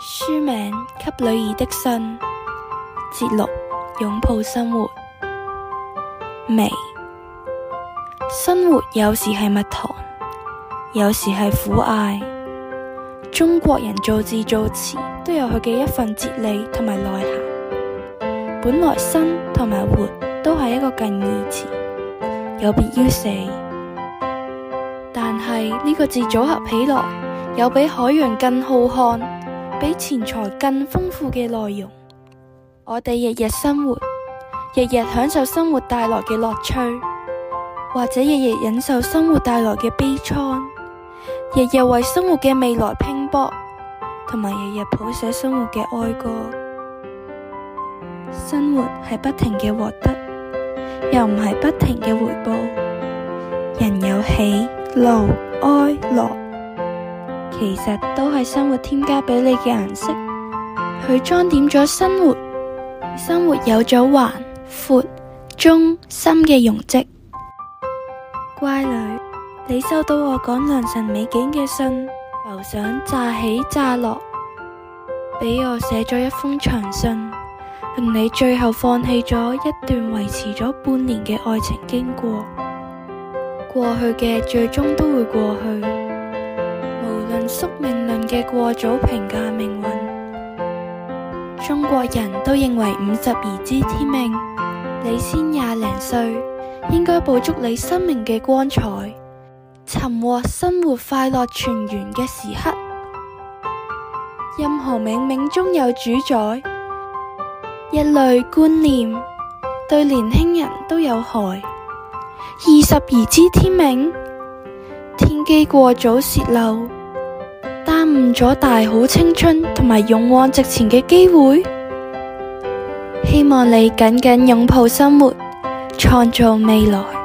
書名《給女兒的信》節錄《擁抱生活》。微生活有時係蜜糖，有時係苦艾。中國人造字造詞都有佢嘅一份哲理同埋內涵。本來生同埋活都係一個近義詞，有別於死。但係呢個字組合起來，有比海洋更浩瀚。比錢財更豐富嘅內容，我哋日日生活，日日享受生活帶來嘅樂趣，或者日日忍受生活帶來嘅悲愴，日日為生活嘅未來拼搏，同埋日日譜寫生活嘅哀歌。生活係不停嘅獲得，又唔係不停嘅回報。人有喜怒哀樂。其實都係生活添加俾你嘅顏色，佢裝點咗生活，生活有咗環、闊、中、深嘅容積。乖女，你收到我講良辰美景嘅信，浮想乍起乍落，俾我寫咗一封長信，令你最後放棄咗一段維持咗半年嘅愛情經過。過去嘅最終都會過去。宿命論嘅過早評價命運，中國人都認為五十而知天命。你先廿零歲，應該捕捉你生命嘅光彩，尋獲生活快樂全圓嘅時刻。任何冥冥中有主宰一類觀念，對年輕人都有害。二十而知天命，天機過早洩漏。誤咗大好青春同埋勇往直前嘅機會，希望你緊緊擁抱生活，創造未來。